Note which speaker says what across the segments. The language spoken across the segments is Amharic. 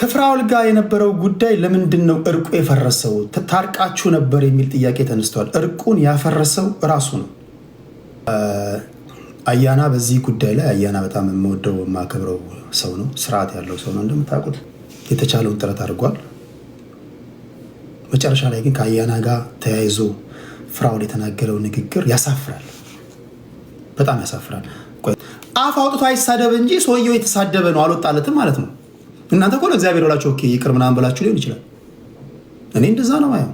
Speaker 1: ከፍራውል ጋር የነበረው ጉዳይ ለምንድን ነው እርቁ የፈረሰው? ታርቃችሁ ነበር የሚል ጥያቄ ተነስተዋል። እርቁን ያፈረሰው እራሱ ነው። አያና በዚህ ጉዳይ ላይ አያና በጣም የምወደው የማከብረው ሰው ነው። ስርዓት ያለው ሰው ነው። እንደምታውቁት የተቻለውን ጥረት አድርጓል። መጨረሻ ላይ ግን ከአያና ጋር ተያይዞ ፍራውል የተናገረው ንግግር ያሳፍራል፣ በጣም ያሳፍራል። አፍ አውጥቶ አይሳደብ እንጂ ሰውየው የተሳደበ ነው፣ አልወጣለትም ማለት ነው። እናንተ እኮ ለእግዚአብሔር ብላችሁ ኦኬ ይቅር ምናምን ብላችሁ ሊሆን ይችላል። እኔ እንደዛ ነው ማየው።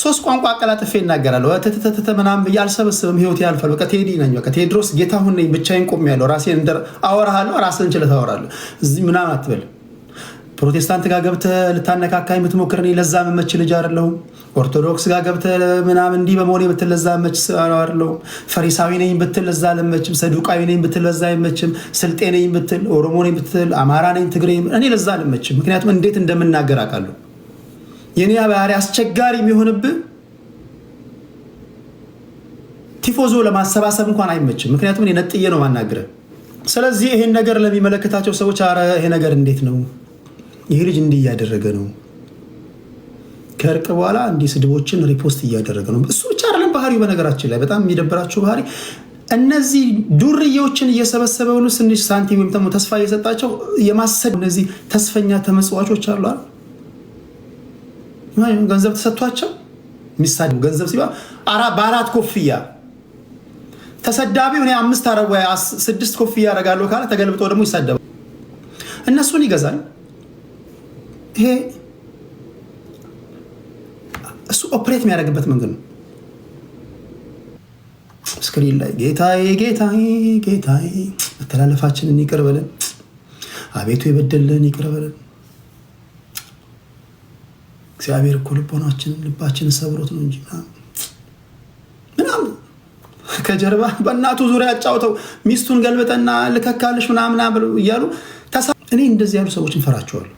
Speaker 1: ሶስት ቋንቋ አቀላጥፌ እናገራለሁ ተተተተ ምናምን ብዬ አልሰበስብም። ህይወት ያልፋል። በቃ ቴዲ ነኝ። በቃ ቴድሮስ ጌታሁን ነኝ። ብቻዬን ቆሜያለሁ። ራሴን አወራሃለሁ። ራስህን ችለህ ታወራለህ። እዚህ ምናምን አትበል። ፕሮቴስታንት ጋር ገብተህ ልታነካካ የምትሞክር እኔ ለዛ መመች ልጅ አይደለሁም። ኦርቶዶክስ ጋር ገብተህ ምናምን እንዲህ በመሆን የምትል ለዛ መች አይደለሁም። ፈሪሳዊ ነኝ ብትል ለዛ አልመችም። ሰዱቃዊ ነኝ ብትል ለዛ አይመችም። ስልጤ ነኝ ብትል፣ ኦሮሞ ነኝ ብትል፣ አማራ ነኝ፣ ትግሬ እኔ ለዛ አልመችም። ምክንያቱም እንዴት እንደምናገር አውቃለሁ። የኔ ባህሪ አስቸጋሪ የሚሆንብህ ቲፎዞ ለማሰባሰብ እንኳን አይመችም። ምክንያቱም እኔ ነጥዬ ነው ማናግረ። ስለዚህ ይሄን ነገር ለሚመለከታቸው ሰዎች አረ ይሄ ነገር እንዴት ነው ይህ ልጅ እንዲህ እያደረገ ነው። ከእርቅ በኋላ እንዲህ ስድቦችን ሪፖስት እያደረገ ነው። እሱ ብቻ አይደለም ባህሪው። በነገራችን ላይ በጣም የሚደብራችሁ ባህሪ እነዚህ ዱርዬዎችን እየሰበሰበ ሁሉ ትንሽ ሳንቲም ወይም ደግሞ ተስፋ እየሰጣቸው የማሰድ እነዚህ ተስፈኛ ተመጽዋቾች አሏል። ገንዘብ ተሰጥቷቸው ሚሳድ ገንዘብ ሲባል በአራት ኮፍያ ተሰዳቢው እኔ አምስት ስድስት ኮፍያ አደርጋለሁ ካለ ተገልብጦ ደግሞ ይሳደባል። እነሱን ይገዛል። ይሄ እሱ ኦፕሬት የሚያደርግበት መንገድ ነው። ስክሪን ላይ ጌታዬ ጌታዬ ጌታዬ መተላለፋችንን ይቅር በለን አቤቱ የበደልን ይቅር በለን። እግዚአብሔር እኮ ልቦናችንን ልባችንን ሰብሮት ነው እንጂ ምናምን ከጀርባ በእናቱ ዙሪያ ያጫውተው ሚስቱን ገልብጠና ልከካልሽ ምናምና እያሉ እኔ እንደዚህ ያሉ ሰዎች እንፈራቸዋለሁ።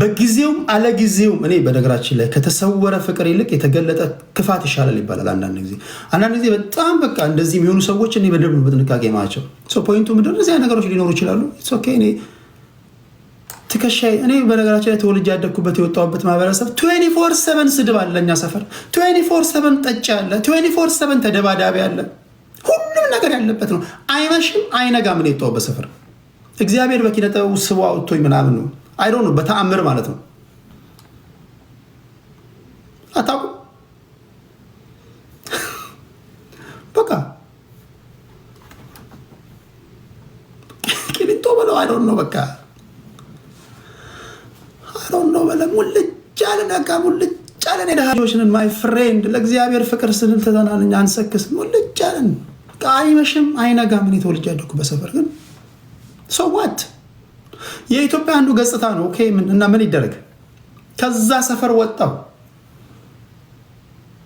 Speaker 1: በጊዜውም አለጊዜውም እኔ በነገራችን ላይ ከተሰወረ ፍቅር ይልቅ የተገለጠ ክፋት ይሻላል ይባላል። አንዳንድ ጊዜ አንዳንድ ጊዜ በጣም በቃ እንደዚህ የሚሆኑ ሰዎች እኔ በደንብ በጥንቃቄ ማቸው ፖይንቱ ምንድን ነው? እዚያ ነገሮች ሊኖሩ ይችላሉ። እኔ ትከሻ እኔ በነገራችን ላይ ተወልጄ ያደግኩበት የወጣሁበት ማህበረሰብ 24/7 ስድብ አለ። እኛ ሰፈር 24/7 ጠጭ አለ፣ 24/7 ተደባዳቢ አለ። ሁሉም ነገር ያለበት ነው። አይመሽም አይነጋም። እኔ የወጣሁበት ሰፈር እግዚአብሔር በኪነ ጥበቡ ስቦ አውጥቶኝ ምናምን ነው አይዶ ነው በተአምር ማለት ነው። አታውቁም። በቃ ቂሊንጦ በለው አይዶ ነው በቃ አይዶ ነው በለ ሙልጭ አለን በቃ ሙልጭ አለን። የደሃዎችንን ማይ ፍሬንድ ለእግዚአብሔር ፍቅር ስንል ተዘናንኛ አንሰክስ። ሙልጭ አለን አይመሽም አይነጋም። እኔ ተወልጄ ያደኩ በሰፈር ግን ሰዋት የኢትዮጵያ አንዱ ገጽታ ነው። ኦኬ ምን እና ምን ይደረግ? ከዛ ሰፈር ወጣው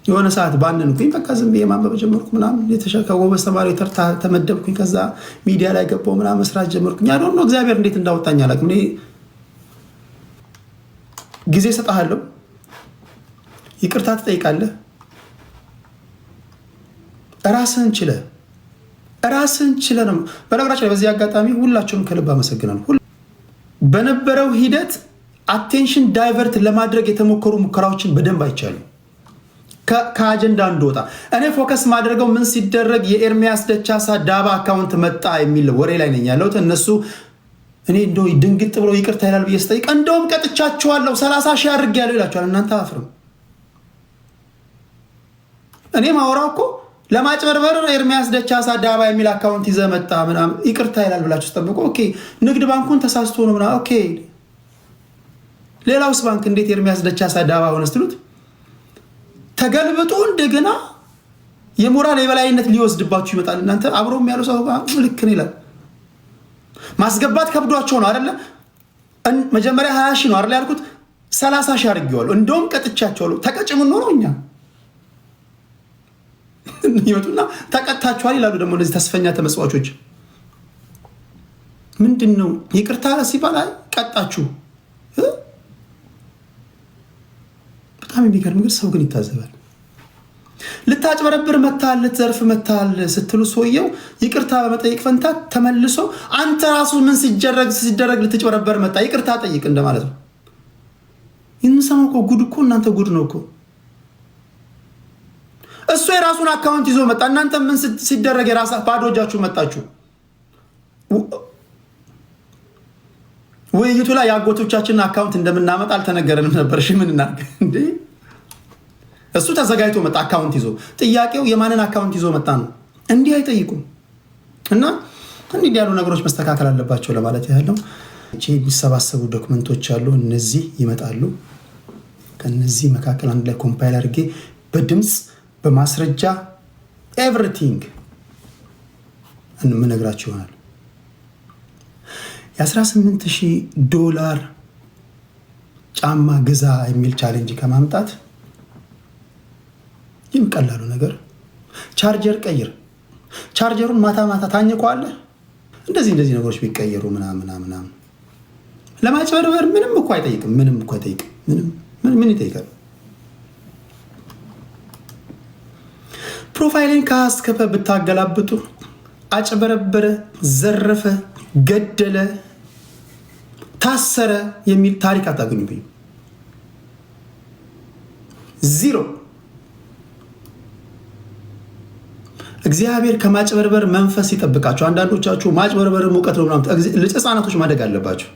Speaker 1: የሆነ ሰዓት ባንንኩኝ በቃ ዝም ብዬ ማንበብ ጀመርኩ ምናምን ከጎበዝ ተማሪ ተርታ ተመደብኩኝ። ከዛ ሚዲያ ላይ ገባው ምናምን መስራት ጀመርኩኝ። ያ ደግሞ እግዚአብሔር እንዴት እንዳወጣኝ አላውቅም። ጊዜ እሰጥሃለሁ፣ ይቅርታ ትጠይቃለህ፣ ራስህን ችለህ ራስህን ችለህ ነው። በነገራችን ላይ በዚህ አጋጣሚ ሁላችሁም ከልብ አመሰግናለሁ። በነበረው ሂደት አቴንሽን ዳይቨርት ለማድረግ የተሞከሩ ሙከራዎችን በደንብ አይቻሉ። ከአጀንዳ እንድወጣ እኔ ፎከስ ማድረገው ምን ሲደረግ የኤርሚያስ ደቻሳ ዳባ አካውንት መጣ የሚል ወሬ ላይ ነኝ ያለሁት። እነሱ እኔ እንደ ድንግጥ ብሎ ይቅርታ ይላል ብዬ ስጠይቅ እንደውም ቀጥቻችኋለሁ ሰላሳ ሺህ አድርጌያለሁ ይላችኋል። እናንተ አፍርም እኔ ማወራው እኮ ለማጭበርበር ኤርሚያስ ደቻሳ ዳባ የሚል አካውንት ይዘህ መጣ ምናምን ይቅርታ ይላል ብላችሁ ጠብቁ። ኦኬ ንግድ ባንኩን ተሳስቶ ነው ምናምን ኦኬ። ሌላውስ ባንክ እንዴት ኤርሚያስ ደቻሳ ዳባ ሆነ ስትሉት ተገልብጦ እንደገና የሞራል የበላይነት ሊወስድባችሁ ይመጣል። እናንተ አብሮም ያሉ ሰው ልክ ነው ይላል። ማስገባት ከብዷቸው ነው አይደለ? መጀመሪያ ሀያ ሺ ነው አይደለ ያልኩት፣ ሰላሳ ሺ አድርጌዋለሁ። እንደውም ቀጥቻቸዋለሁ። ተቀጭ ምን ኖረው እኛ ይመጡና ተቀታችኋል ይላሉ። ደግሞ እነዚህ ተስፈኛ ተመጽዋቾች ምንድን ነው ይቅርታ ሲባል ቀጣችሁ። በጣም የሚገርም ግን ሰው ግን ይታዘባል። ልታጭበረብር መታል፣ ልትዘርፍ መታል ስትሉ ሰውየው ይቅርታ በመጠየቅ ፈንታ ተመልሶ አንተ ራሱ ምን ሲደረግ ሲደረግ ልትጭበረበር መጣ ይቅርታ ጠይቅ እንደማለት ነው። የምንሰማው እኮ ጉድ እኮ እናንተ ጉድ ነው እኮ እሱ የራሱን አካውንት ይዞ መጣ። እናንተ ምን ሲደረግ የራሳ ባዶ እጃችሁ መጣችሁ። ውይይቱ ላይ የአጎቶቻችንን አካውንት እንደምናመጣ አልተነገረንም ነበር። እሺ ምን እናድርግ እንዴ? እሱ ተዘጋጅቶ መጣ አካውንት ይዞ። ጥያቄው የማንን አካውንት ይዞ መጣ ነው። እንዲህ አይጠይቁም እና እንዲህ ያሉ ነገሮች መስተካከል አለባቸው ለማለት ያለው የሚሰባሰቡ ዶክመንቶች አሉ። እነዚህ ይመጣሉ። ከነዚህ መካከል አንድ ላይ ኮምፓይል አድርጌ በድምፅ በማስረጃ ኤቭሪቲንግ እንምነግራችሁ ይሆናል። የ18 ሺህ ዶላር ጫማ ግዛ የሚል ቻሌንጅ ከማምጣት ይህም ቀላሉ ነገር ቻርጀር ቀይር፣ ቻርጀሩን ማታ ማታ ታኝከዋለህ። እንደዚህ እንደዚህ ነገሮች ቢቀየሩ ምናምን ምናምን ለማጭበርበር ምንም እኮ አይጠይቅም። ምንም እኮ አይጠይቅም። ምን ይጠይቃል? ፕሮፋይልን ከአስከፈ ብታገላብጡ አጭበረበረ፣ ዘረፈ፣ ገደለ፣ ታሰረ የሚል ታሪክ አታገኙብኝም። ዚሮ እግዚአብሔር ከማጭበርበር መንፈስ ይጠብቃቸው። አንዳንዶቻችሁ ማጭበርበር እውቀት ነው ምናምን፣ ህፃናቶች ማደግ አለባቸው።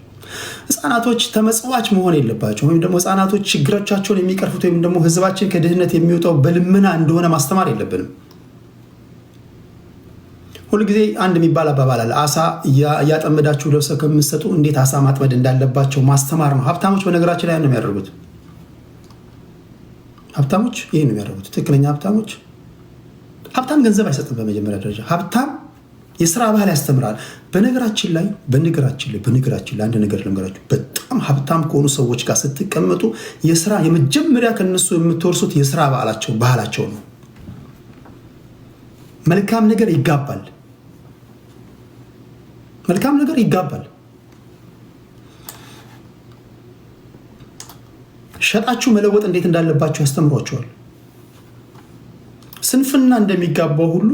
Speaker 1: ህጻናቶች ተመጽዋች መሆን የለባቸው ወይም ደግሞ ህጻናቶች ችግሮቻቸውን የሚቀርፉት ወይም ደግሞ ህዝባችን ከድህነት የሚወጣው በልመና እንደሆነ ማስተማር የለብንም። ሁልጊዜ አንድ የሚባል አባባል አለ። አሳ እያጠመዳችሁ ለብሰው ከምትሰጡ እንዴት አሳ ማጥመድ እንዳለባቸው ማስተማር ነው። ሀብታሞች በነገራችን ላይ ነው የሚያደርጉት። ሀብታሞች ይህ ነው የሚያደርጉት። ትክክለኛ ሀብታሞች ሀብታም ገንዘብ አይሰጥም። በመጀመሪያ ደረጃ ሀብታም የስራ ባህል ያስተምራል። በነገራችን ላይ በነገራችን ላይ በነገራችን ላይ አንድ ነገር ልንገራችሁ፣ በጣም ሀብታም ከሆኑ ሰዎች ጋር ስትቀመጡ የስራ የመጀመሪያ ከነሱ የምትወርሱት የስራ ባህላቸው ባህላቸው ነው። መልካም ነገር ይጋባል። መልካም ነገር ይጋባል። ሸጣችሁ መለወጥ እንዴት እንዳለባችሁ ያስተምሯቸዋል። ስንፍና እንደሚጋባው ሁሉ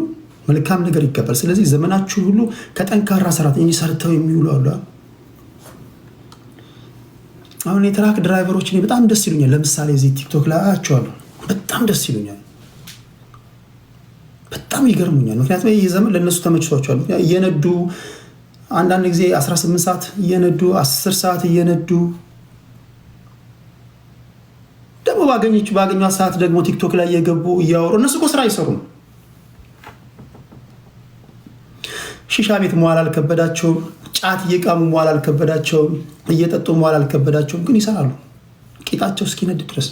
Speaker 1: መልካም ነገር ይገባል። ስለዚህ ዘመናችሁ ሁሉ ከጠንካራ ሰራተኞች ሰርተው የሚውሉ አሉ። አሁን የትራክ ድራይቨሮች እኔ በጣም ደስ ይሉኛል። ለምሳሌ እዚህ ቲክቶክ ላይ አያቸዋለሁ፣ በጣም ደስ ይሉኛል፣ በጣም ይገርሙኛል። ምክንያቱም ይህ ዘመን ለእነሱ ተመችቷቸዋል። እየነዱ አንዳንድ ጊዜ 18 ሰዓት እየነዱ 10 ሰዓት እየነዱ ደግሞ ባገኘ ሰዓት ደግሞ ቲክቶክ ላይ እየገቡ እያወሩ እነሱ እኮ ስራ አይሰሩም። ሺሻ ቤት መዋል አልከበዳቸውም። ጫት እየቃሙ መዋል አልከበዳቸውም። እየጠጡ መዋል አልከበዳቸውም። ግን ይሰራሉ ቂጣቸው እስኪነድ ድረስ።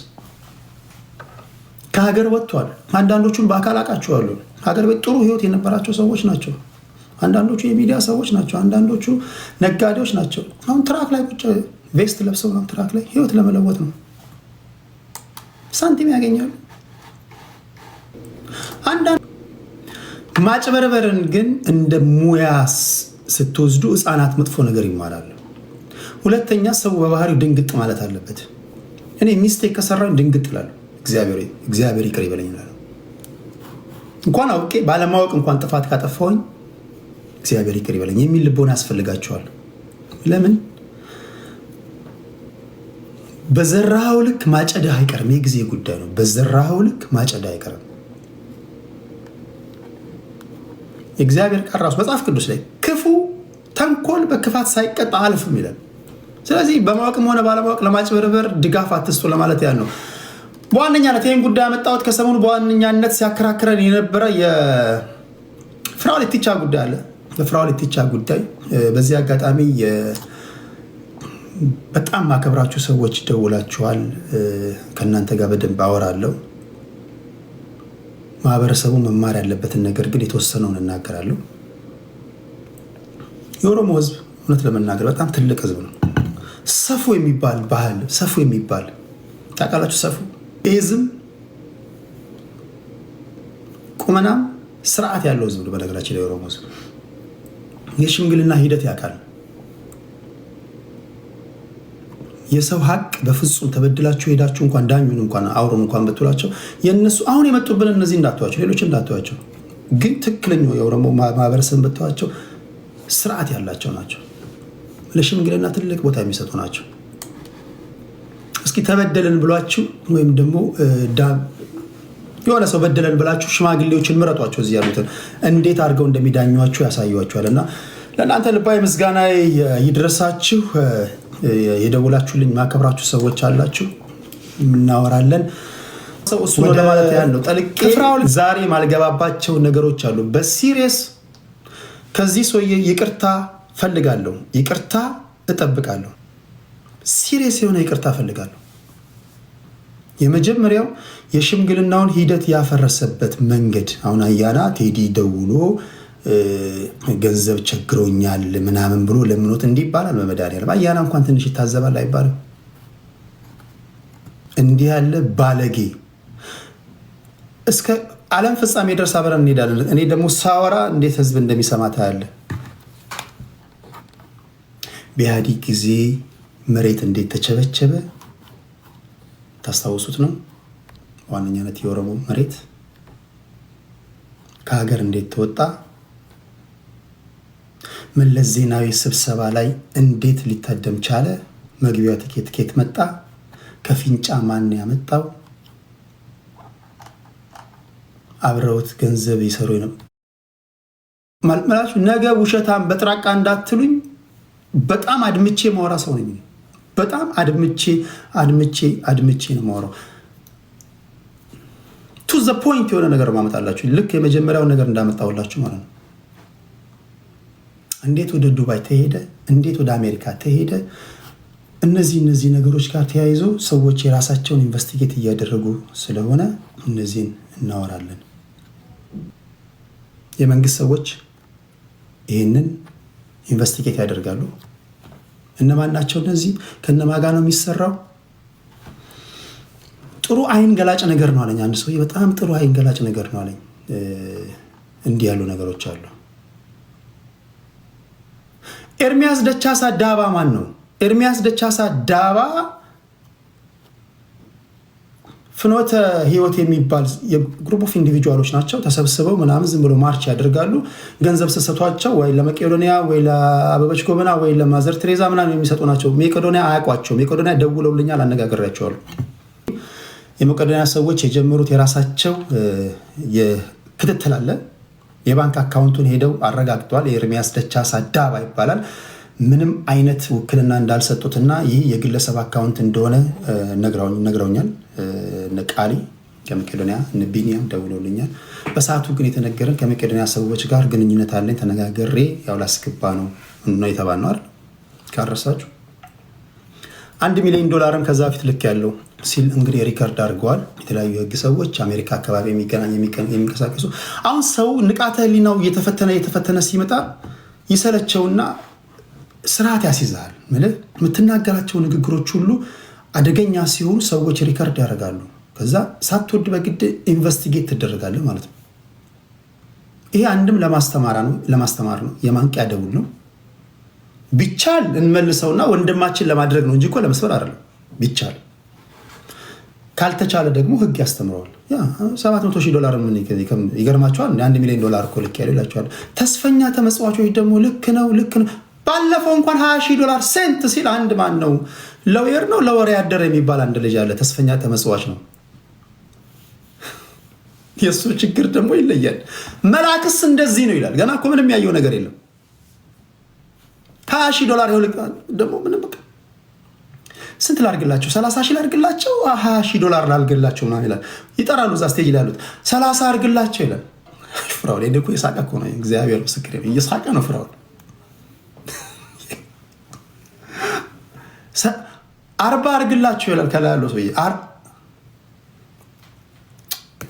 Speaker 1: ከሀገር ወጥቷል። አንዳንዶቹን በአካል አውቃቸዋለሁ። ሀገር ቤት ጥሩ ህይወት የነበራቸው ሰዎች ናቸው። አንዳንዶቹ የሚዲያ ሰዎች ናቸው። አንዳንዶቹ ነጋዴዎች ናቸው። አሁን ትራክ ላይ ቁጭ ቬስት ለብሰው ነው ትራክ ላይ ህይወት ለመለወጥ ነው። ሳንቲም ያገኛሉ አንዳንድ ማጭበርበርን ግን እንደ ሙያ ስትወስዱ ህፃናት መጥፎ ነገር ይማራሉ። ሁለተኛ ሰው በባህሪው ድንግጥ ማለት አለበት። እኔ ሚስቴክ ከሰራው ድንግጥ ላሉ እግዚአብሔር ይቅር ይበለኝ ላሉ እንኳን አውቄ ባለማወቅ እንኳን ጥፋት ካጠፋውኝ እግዚአብሔር ይቅር ይበለኝ የሚል ልቦና ያስፈልጋቸዋል። ለምን በዘራኸው ልክ ማጨዳ አይቀርም። የጊዜ ጉዳይ ነው። በዘራኸው ልክ ማጨዳ አይቀርም። የእግዚአብሔር ቃል ራሱ መጽሐፍ ቅዱስ ላይ ክፉ ተንኮል በክፋት ሳይቀጣ አልፍም ይላል። ስለዚህ በማወቅም ሆነ ባለማወቅ ለማጭበርበር ድጋፍ አትስጡ ለማለት ያህል ነው። በዋነኛነት ይህን ጉዳይ ያመጣሁት ከሰሞኑ በዋነኛነት ሲያከራክረን የነበረ የፍራኦል ጉዳይ አለ። የፍራኦል ጉዳይ በዚህ አጋጣሚ በጣም ማከብራችሁ ሰዎች ደውላችኋል። ከእናንተ ጋር በደንብ አወራለሁ። ማህበረሰቡ መማር ያለበትን ነገር ግን የተወሰነውን እናገራለሁ። የኦሮሞ ህዝብ እውነት ለመናገር በጣም ትልቅ ህዝብ ነው። ሰፉ የሚባል ባህል ሰፉ የሚባል ታውቃላችሁ? ሰፉ ይህ ህዝብ ቁመናም ስርዓት ያለው ህዝብ ነው። በነገራችን ላይ የኦሮሞ ህዝብ የሽምግልና ሂደት ያውቃል። የሰው ሀቅ በፍጹም ተበድላችሁ ሄዳችሁ እንኳን ዳኙን እንኳን አውሩን እንኳን ብትሏቸው የነሱ አሁን የመጡብን እነዚህ እንዳትዋቸው፣ ሌሎች እንዳትዋቸው። ግን ትክክለኛው የኦሮሞ ማህበረሰብ ብትዋቸው ስርዓት ያላቸው ናቸው። ለሽምግልና ትልቅ ቦታ የሚሰጡ ናቸው። እስኪ ተበደለን ብሏችሁ ወይም ደግሞ የሆነ ሰው በደለን ብላችሁ ሽማግሌዎችን ምረጧቸው። እዚህ ያሉትን እንዴት አድርገው እንደሚዳኟችሁ ያሳዩዋችኋል። እና ለእናንተ ልባዊ ምስጋና ይድረሳችሁ። የደውላችሁልኝ ማከብራችሁ ሰዎች አላችሁ። እናወራለን። እሱ ነው ለማለት ጠልቄ ዛሬ ማልገባባቸው ነገሮች አሉ። በሲሪየስ ከዚህ ሰውዬ ይቅርታ ፈልጋለሁ፣ ይቅርታ እጠብቃለሁ። ሲሪየስ የሆነ ይቅርታ ፈልጋለሁ። የመጀመሪያው የሽምግልናውን ሂደት ያፈረሰበት መንገድ አሁን አያና ቴዲ ደውሎ ገንዘብ ቸግሮኛል ምናምን ብሎ ለምኖት እንዲህ ይባላል። በመድኃኒዓለም አያና እንኳን ትንሽ ይታዘባል አይባልም። እንዲህ ያለ ባለጌ እስከ ዓለም ፍጻሜ ድረስ አብረን እንሄዳለን። እኔ ደግሞ ሳወራ እንዴት ህዝብ እንደሚሰማ ታያለ። በኢህአዴግ ጊዜ መሬት እንዴት ተቸበቸበ ታስታውሱት ነው። ዋነኛነት የኦሮሞ መሬት ከሀገር እንዴት ተወጣ መለስ ዜናዊ ስብሰባ ላይ እንዴት ሊታደም ቻለ? መግቢያው ትኬት ኬት መጣ? ከፊንጫ ማን ያመጣው? አብረውት ገንዘብ ይሰሩ ነው መላችሁ። ነገ ውሸታም በጥራቃ እንዳትሉኝ። በጣም አድምቼ ማውራ ሰው ነኝ። በጣም አድምቼ አድምቼ አድምቼ ነው ማውራው። ቱ ዘ ፖይንት የሆነ ነገር ማመጣላችሁ ልክ የመጀመሪያውን ነገር እንዳመጣሁላችሁ ማለት ነው። እንዴት ወደ ዱባይ ተሄደ፣ እንዴት ወደ አሜሪካ ተሄደ፣ እነዚህ እነዚህ ነገሮች ጋር ተያይዞ ሰዎች የራሳቸውን ኢንቨስቲጌት እያደረጉ ስለሆነ እነዚህን እናወራለን። የመንግስት ሰዎች ይህንን ኢንቨስቲጌት ያደርጋሉ። እነማን ናቸው እነዚህ? ከነማ ጋር ነው የሚሰራው? ጥሩ አይን ገላጭ ነገር ነው አለኝ አንድ ሰው። በጣም ጥሩ አይን ገላጭ ነገር ነው አለኝ። እንዲህ ያሉ ነገሮች አሉ። ኤርሚያስ ደቻሳ ዳባ ማን ነው? ኤርሚያስ ደቻሳ ዳባ ፍኖተ ህይወት የሚባል የግሩፕ ኦፍ ኢንዲቪጁዋሎች ናቸው። ተሰብስበው ምናምን ዝም ብሎ ማርች ያደርጋሉ። ገንዘብ ስሰቷቸው ወይ ለመቄዶኒያ ወይ ለአበበች ጎበና ወይ ለማዘር ቴሬዛ ምናምን የሚሰጡ ናቸው። መቄዶኒያ አያውቋቸው። መቄዶኒያ ደውለውልኛል፣ አነጋግሬያቸዋሉ። የመቄዶኒያ ሰዎች የጀመሩት የራሳቸው ክትትል አለ። የባንክ አካውንቱን ሄደው አረጋግጠዋል። የኤርሚያስ ደቻሳ ዳባ ይባላል። ምንም አይነት ውክልና እንዳልሰጡትና ይህ የግለሰብ አካውንት እንደሆነ ነግረውኛል። ነቃሊ ከመቄዶንያ ንቢኒያም ደውሎልኛል። በሰዓቱ ግን የተነገረን ከመቄዶንያ ሰዎች ጋር ግንኙነት አለኝ ተነጋገሬ ያው ላስገባ ነው ነው የተባል አይደል? ካረሳችሁ አንድ ሚሊዮን ዶላርም ከዛ በፊት ልክ ያለው ሲል እንግዲህ ሪከርድ አድርገዋል። የተለያዩ የህግ ሰዎች አሜሪካ አካባቢ የሚገናኝ የሚንቀሳቀሱ አሁን ሰው ንቃተ ህሊናው እየተፈተነ እየተፈተነ ሲመጣ ይሰለቸውና ስርዓት ያስይዛል። ምልህ የምትናገራቸው ንግግሮች ሁሉ አደገኛ ሲሆኑ ሰዎች ሪከርድ ያደርጋሉ። ከዛ ሳትወድ በግድ ኢንቨስቲጌት ትደረጋለህ ማለት ነው። ይሄ አንድም ለማስተማር ነው፣ የማንቂያ ደውል ነው። ቢቻል እንመልሰውና ወንድማችን ለማድረግ ነው እንጂ እኮ ለመስበር አይደለም። ቢቻል ካልተቻለ ደግሞ ህግ ያስተምረዋል። ሰባት መቶ ሺህ ዶላር ይገርማቸዋል። አንድ ሚሊዮን ዶላር እኮ ልክ ያሌላቸዋል። ተስፈኛ ተመጽዋቾች ደግሞ ልክ ነው ልክ ነው። ባለፈው እንኳን ሀያ ሺህ ዶላር ሴንት ሲል አንድ ማን ነው ለወየር ነው ለወሬ ያደረ የሚባል አንድ ልጅ አለ። ተስፈኛ ተመጽዋች ነው። የእሱ ችግር ደግሞ ይለያል። መላክስ እንደዚህ ነው ይላል። ገና እኮ ምንም ያየው ነገር የለም። ሀያ ሺህ ዶላር ይኸው ደግሞ ምንም ስንት ላርግላቸው? ሰላሳ ሺህ ላርግላቸው? 20 ሺ ዶላር ላርግላቸው ምናምን ይላል። ይጠራሉ እዛ ስቴጅ ላሉት 30 አርግላቸው ይላል። ፍራኦል እኮ የሳቀ እኮ ነው። እግዚአብሔር ምስክር እየሳቀ ነው ፍራኦል። አርባ አርግላቸው ይላል ከላይ ያለው ሰውዬ።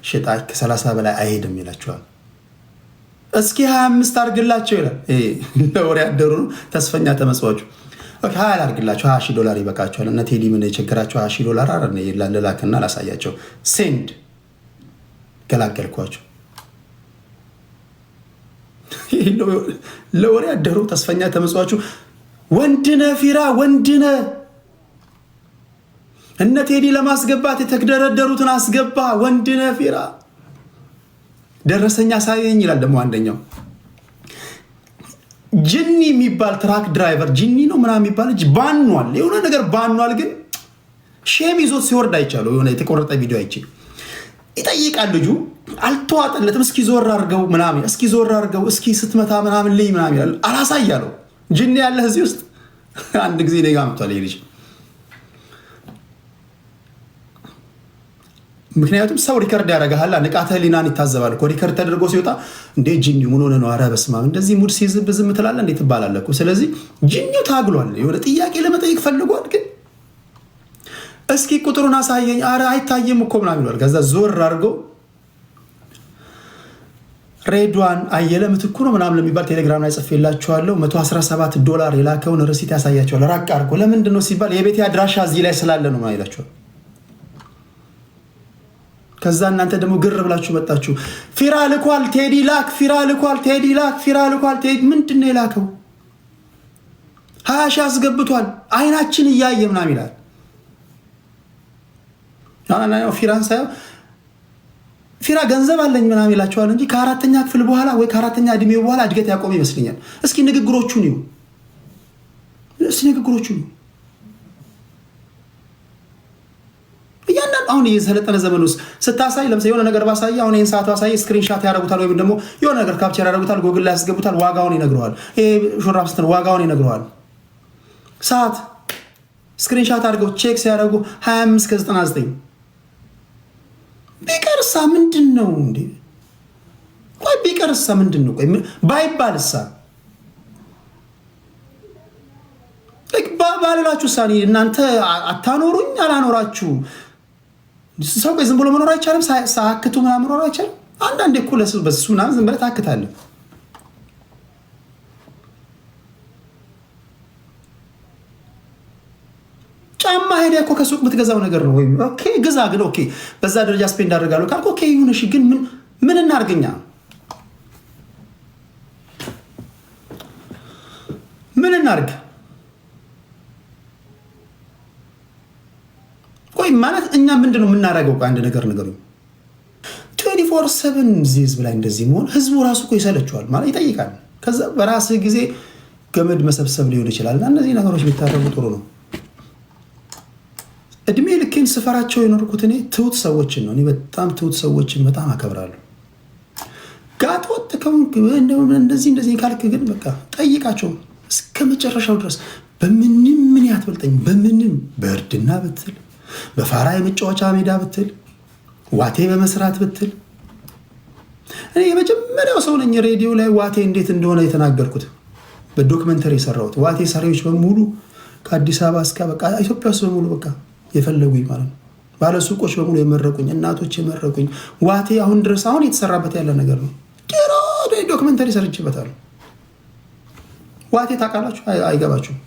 Speaker 1: ሸጣይ ከሰላሳ በላይ አይሄድም ይላቸዋል። እስኪ ሀያ አምስት አድርግላቸው ይላል። ለወሬ አደሩ ተስፈኛ ተመጽዋቹ ሀያ ላርግላቸው ሀያ ሺህ ዶላር ይበቃቸዋል። እነ ቴዲ ምን የቸገራቸው ሀያ ሺህ ዶላር አረ ልላክና ላሳያቸው። ሴንድ ገላገልኳቸው። ለወሬ አደሩ ተስፈኛ ተመጽዋችሁ ወንድነ ፊራ ወንድነ እነ ቴዲ ለማስገባት የተደረደሩትን አስገባ። ወንድነ ፊራ ደረሰኛ ሳየኝ ይላል ደግሞ አንደኛው ጅኒ የሚባል ትራክ ድራይቨር ጅኒ ነው ምናምን የሚባል ልጅ ባኗል፣ የሆነ ነገር ባኗል። ግን ሼም ይዞት ሲወርድ አይቻለሁ። የሆነ የተቆረጠ ቪዲዮ አይቼ ይጠይቃል ልጁ አልተዋጠለትም። እስኪ ዞር አርገው ምናምን፣ እስኪ ዞር አርገው እስኪ ስትመታ ምናምን ልይ ምናምን ይላል። አላሳያለሁ ጅኒ ያለህ እዚህ ውስጥ አንድ ጊዜ ኔጋ መቷል ልጅ ምክንያቱም ሰው ሪከርድ ያደርግሃል፣ ንቃተ ህሊናን ይታዘባል ሪከርድ ተደርጎ ሲወጣ እንዴ ጂኒ ምን ሆነ ነው? ኧረ በስመ አብ እንደዚህ ሙድ ሲይዝብህ ዝም ትላለህ እንዴ ትባላለህ እኮ። ስለዚህ ጂኒው ታግሏል፣ የሆነ ጥያቄ ለመጠየቅ ፈልጓል። ግን እስኪ ቁጥሩን አሳየኝ፣ አረ አይታየም እኮ ምናምን ይሏል። ከዛ ዞር አድርገው ሬድዋን አየለ ምትኩ ነው ምናምን ለሚባል ቴሌግራም ላይ ጽፌላችኋለሁ። 117 ዶላር የላከውን ርሲት ያሳያቸዋል። ራቅ አድርጎ ለምንድን ነው ሲባል የቤት አድራሻ እዚህ ላይ ስላለ ነው ይላቸዋል። ከዛ እናንተ ደግሞ ግር ብላችሁ መጣችሁ። ፊራ ልኳል ቴዲ ላክ፣ ፊራ ልኳል ቴዲ ላክ፣ ፊራ ልኳል ቴዲ። ምንድን ነው የላከው? ሀያ ሺህ አስገብቷል አይናችን እያየ ምናምን ይላል። ፊራን ሳየው ፊራ ገንዘብ አለኝ ምናምን ይላቸዋል እንጂ ከአራተኛ ክፍል በኋላ ወይ ከአራተኛ እድሜ በኋላ እድገት ያቆመ ይመስለኛል። እስኪ ንግግሮቹን ይሁ፣ እስኪ ንግግሮቹን ይሁ አሁን የሰለጠነ ዘመን ውስጥ ስታሳይ ለምሳሌ የሆነ ነገር ባሳይ አሁን ይህን ሰዓት ባሳይ ስክሪንሻት ያደረጉታል፣ ወይም ደግሞ የሆነ ነገር ካፕቸር ያደረጉታል፣ ጎግል ላይ ያስገቡታል፣ ዋጋውን ይነግረዋል። ይሄ ሹራብ ስትል ዋጋውን ይነግረዋል። ሰዓት ስክሪንሻት አድርገው ቼክ ሲያደርጉ 25 ከ99 ቢቀርሳ ምንድን ነው እንዴ? ቆይ ቢቀርሳ ምንድን ነው? ቆይ ባይባልሳ ባልላችሁ ሳኔ እናንተ አታኖሩኝ አላኖራችሁ ሰው ዝም ብሎ መኖር አይቻልም። ሳክቱ ምናምን መኖር አይቻልም። አንዳንዴ እኮ ለሰው በሱ ምናምን ዝም ብለህ ታክታለህ። ጫማ ሄደህ እኮ ከሱቅ የምትገዛው ነገር ነው። ወይም ኦኬ ግዛ፣ ግን ኦኬ በዛ ደረጃ ስፔንድ አደርጋለሁ ካልክ ኦኬ ይሁን እሺ። ግን ምን ምን እናርገኛ ምን እናርግ? እኛ ምንድን ነው የምናደርገው? አንድ ነገር ነገሩ ትዌንቲ ፎር ሰቨን ህዝብ ላይ እንደዚህ መሆን ህዝቡ ራሱ እኮ ይሰለችዋል ማለት ይጠይቃል። ከዛ በራስህ ጊዜ ገመድ መሰብሰብ ሊሆን ይችላል እና እነዚህ ነገሮች ቢታረጉ ጥሩ ነው። እድሜ ልኬን ስፈራቸው የኖርኩት እኔ ትሁት ሰዎችን ነው። እኔ በጣም ትሁት ሰዎችን በጣም አከብራለሁ። ጋጥ ወጥ ከሆንክ እንደዚህ እንደዚህ ካልክ ግን በቃ ጠይቃቸው እስከ መጨረሻው ድረስ በምንም ምን ያትበልጠኝ በምንም በእርድና ብትል በፋራ የመጫወቻ ሜዳ ብትል፣ ዋቴ በመስራት ብትል እኔ የመጀመሪያው ሰው ነኝ ሬዲዮ ላይ ዋቴ እንዴት እንደሆነ የተናገርኩት በዶክመንተሪ የሰራሁት ዋቴ ሰሪዎች በሙሉ ከአዲስ አበባ እስከ በቃ ኢትዮጵያ ውስጥ በሙሉ በቃ የፈለጉኝ ማለት ነው። ባለሱቆች በሙሉ የመረቁኝ፣ እናቶች የመረቁኝ። ዋቴ አሁን ድረስ አሁን የተሰራበት ያለ ነገር ነው። ዶክመንተሪ ሰርችበታል። ዋቴ ታውቃላችሁ? አይገባችሁም።